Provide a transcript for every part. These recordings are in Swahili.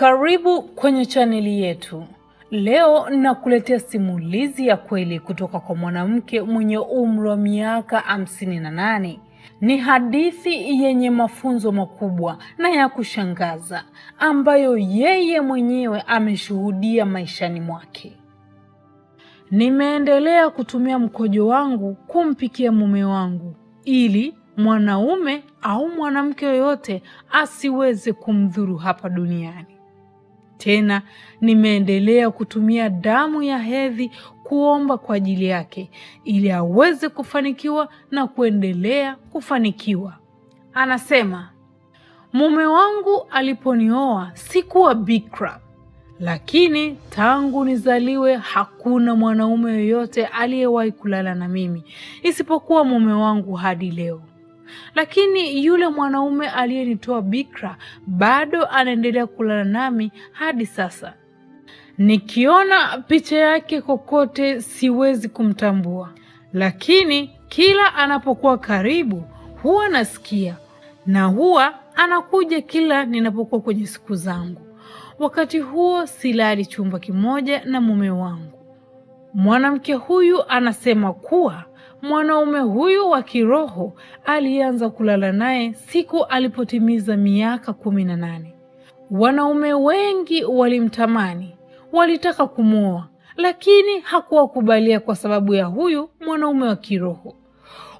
Karibu kwenye chaneli yetu. Leo nakuletea simulizi ya kweli kutoka kwa mwanamke mwenye umri wa miaka hamsini na nane. Ni hadithi yenye mafunzo makubwa na ya kushangaza ambayo yeye mwenyewe ameshuhudia maishani mwake. Nimeendelea kutumia mkojo wangu kumpikia mume wangu ili mwanaume au mwanamke yoyote asiweze kumdhuru hapa duniani. Tena nimeendelea kutumia damu ya hedhi kuomba kwa ajili yake ili aweze kufanikiwa na kuendelea kufanikiwa. Anasema, mume wangu aliponioa sikuwa bikra, lakini tangu nizaliwe hakuna mwanaume yoyote aliyewahi kulala na mimi isipokuwa mume wangu hadi leo lakini yule mwanaume aliyenitoa bikra bado anaendelea kulala nami hadi sasa. Nikiona picha yake kokote siwezi kumtambua, lakini kila anapokuwa karibu huwa nasikia, na huwa anakuja kila ninapokuwa kwenye siku zangu. Wakati huo silali chumba kimoja na mume wangu. Mwanamke huyu anasema kuwa mwanaume huyu wa kiroho alianza kulala naye siku alipotimiza miaka kumi na nane. Wanaume wengi walimtamani, walitaka kumwoa, lakini hakuwakubalia kwa sababu ya huyu mwanaume wa kiroho.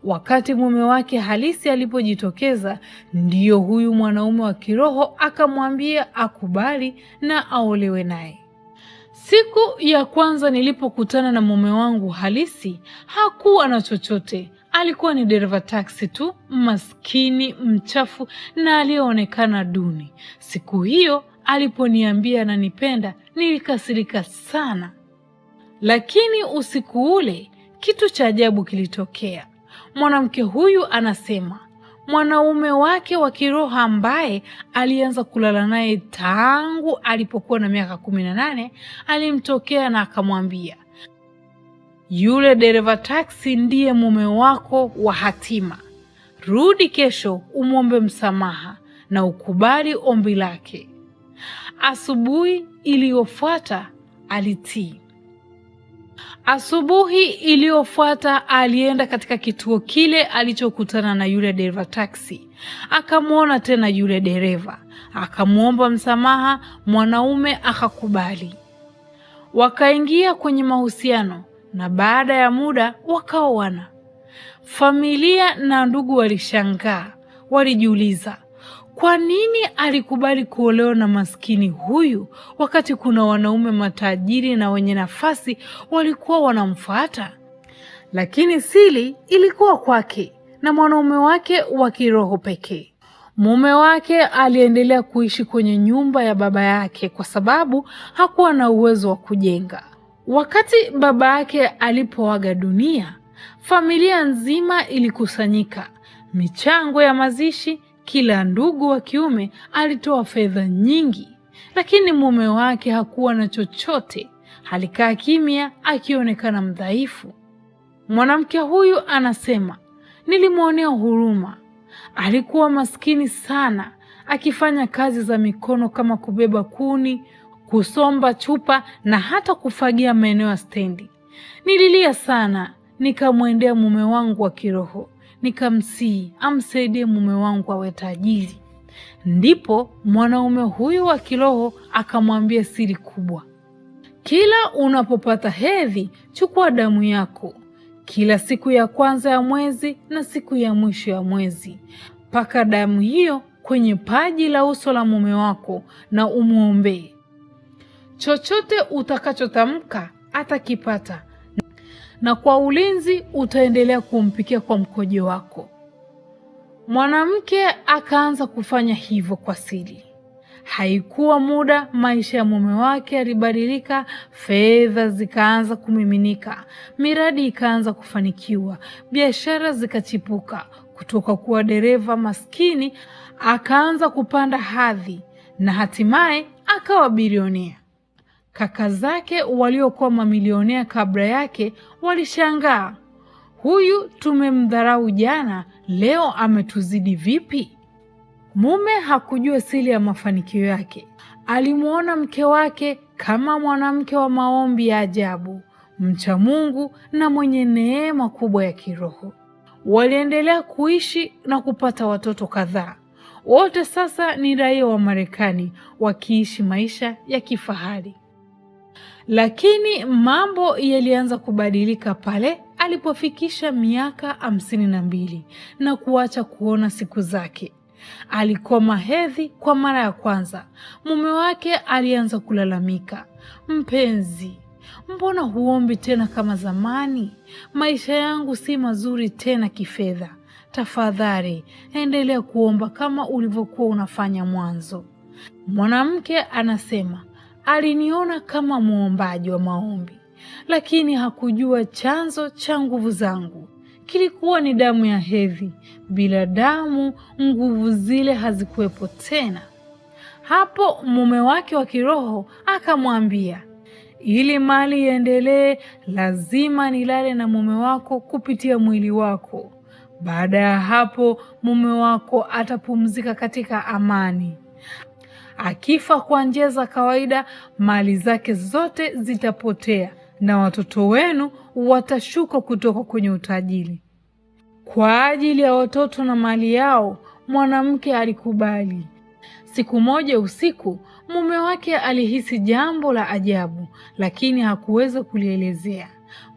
Wakati mume wake halisi alipojitokeza, ndiyo huyu mwanaume wa kiroho akamwambia akubali na aolewe naye. Siku ya kwanza nilipokutana na mume wangu halisi hakuwa na chochote. Alikuwa ni dereva taksi tu, maskini, mchafu na aliyeonekana duni. Siku hiyo aliponiambia ananipenda, nilikasirika sana. Lakini usiku ule kitu cha ajabu kilitokea. Mwanamke huyu anasema mwanaume wake wa kiroho ambaye alianza kulala naye tangu alipokuwa na miaka kumi na nane alimtokea na akamwambia, yule dereva taksi ndiye mume wako wa hatima. Rudi kesho umwombe msamaha na ukubali ombi lake. Asubuhi iliyofuata alitii. Asubuhi iliyofuata alienda katika kituo kile alichokutana na yule dereva taksi. Akamwona tena yule dereva, akamwomba msamaha, mwanaume akakubali. Wakaingia kwenye mahusiano na baada ya muda wakaoana. Familia na ndugu walishangaa, walijiuliza kwa nini alikubali kuolewa na maskini huyu wakati kuna wanaume matajiri na wenye nafasi walikuwa wanamfuata? Lakini siri ilikuwa kwake na mwanaume wake wa kiroho pekee. Mume wake aliendelea kuishi kwenye nyumba ya baba yake kwa sababu hakuwa na uwezo wa kujenga. Wakati baba yake alipoaga dunia, familia nzima ilikusanyika, michango ya mazishi kila ndugu wa kiume alitoa fedha nyingi, lakini mume wake hakuwa na chochote. Alikaa kimya akionekana mdhaifu. Mwanamke huyu anasema, nilimwonea huruma. Alikuwa maskini sana, akifanya kazi za mikono kama kubeba kuni, kusomba chupa na hata kufagia maeneo ya stendi. Nililia sana, nikamwendea mume wangu wa kiroho nikamsii amsaidie mume wangu awe tajiri. Ndipo mwanaume huyu wa kiroho akamwambia siri kubwa: kila unapopata hedhi, chukua damu yako kila siku ya kwanza ya mwezi na siku ya mwisho ya mwezi, paka damu hiyo kwenye paji la uso la mume wako na umwombee. Chochote utakachotamka atakipata na kwa ulinzi utaendelea kumpikia kwa mkojo wako. Mwanamke akaanza kufanya hivyo kwa siri. Haikuwa muda, maisha ya mume wake yalibadilika, fedha zikaanza kumiminika, miradi ikaanza kufanikiwa, biashara zikachipuka. Kutoka kuwa dereva maskini akaanza kupanda hadhi na hatimaye akawa bilionea. Kaka zake waliokuwa mamilionea kabla yake walishangaa, huyu tumemdharau jana, leo ametuzidi vipi? Mume hakujua siri ya mafanikio yake. Alimwona mke wake kama mwanamke wa maombi ya ajabu, mcha Mungu na mwenye neema kubwa ya kiroho. Waliendelea kuishi na kupata watoto kadhaa. Wote sasa ni raia wa Marekani wakiishi maisha ya kifahari. Lakini mambo yalianza kubadilika pale alipofikisha miaka hamsini na mbili na kuacha kuona siku zake. Alikoma hedhi kwa mara ya kwanza. Mume wake alianza kulalamika, mpenzi, mbona huombi tena kama zamani? Maisha yangu si mazuri tena kifedha, tafadhali endelea kuomba kama ulivyokuwa unafanya mwanzo. Mwanamke anasema Aliniona kama mwombaji wa maombi, lakini hakujua chanzo cha nguvu zangu kilikuwa ni damu ya hedhi. Bila damu, nguvu zile hazikuwepo tena. Hapo mume wake wa kiroho akamwambia, ili mali iendelee, lazima nilale na mume wako kupitia mwili wako. Baada ya hapo, mume wako atapumzika katika amani. Akifa kwa njia za kawaida, mali zake zote zitapotea na watoto wenu watashuka kutoka kwenye utajiri. Kwa ajili ya watoto na mali yao, mwanamke alikubali. Siku moja usiku, mume wake alihisi jambo la ajabu, lakini hakuweza kulielezea.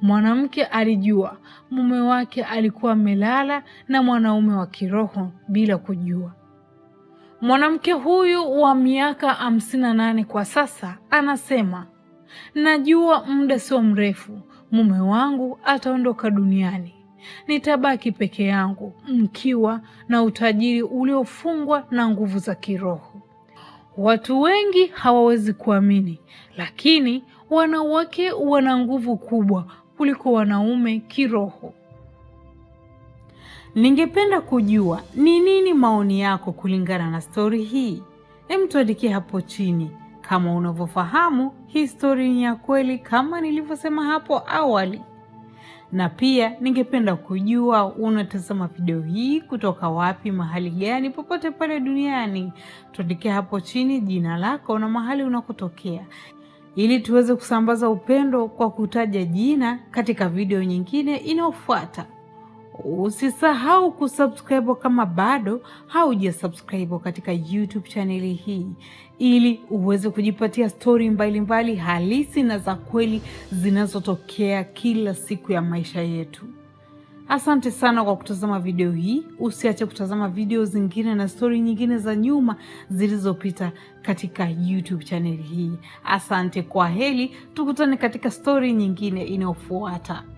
Mwanamke alijua mume wake alikuwa amelala na mwanaume wa kiroho bila kujua. Mwanamke huyu wa miaka hamsini na nane kwa sasa anasema, najua muda sio mrefu mume wangu ataondoka duniani, nitabaki peke yangu mkiwa na utajiri uliofungwa na nguvu za kiroho. Watu wengi hawawezi kuamini, lakini wanawake wana nguvu kubwa kuliko wanaume kiroho. Ningependa kujua ni nini maoni yako kulingana na stori hii. Hem, tuandikie hapo chini kama unavyofahamu hii stori ni ya kweli kama nilivyosema hapo awali, na pia ningependa kujua unatazama video hii kutoka wapi, mahali gani, popote pale duniani. Tuandikie hapo chini jina lako na mahali unakotokea ili tuweze kusambaza upendo kwa kutaja jina katika video nyingine inayofuata. Usisahau kusubscribe kama bado haujasubscribe katika YouTube chaneli hii, ili uweze kujipatia stori mbalimbali halisi na za kweli zinazotokea kila siku ya maisha yetu. Asante sana kwa kutazama video hii. Usiache kutazama video zingine na stori nyingine za nyuma zilizopita katika YouTube chaneli hii. Asante, kwa heri, tukutane katika stori nyingine inayofuata.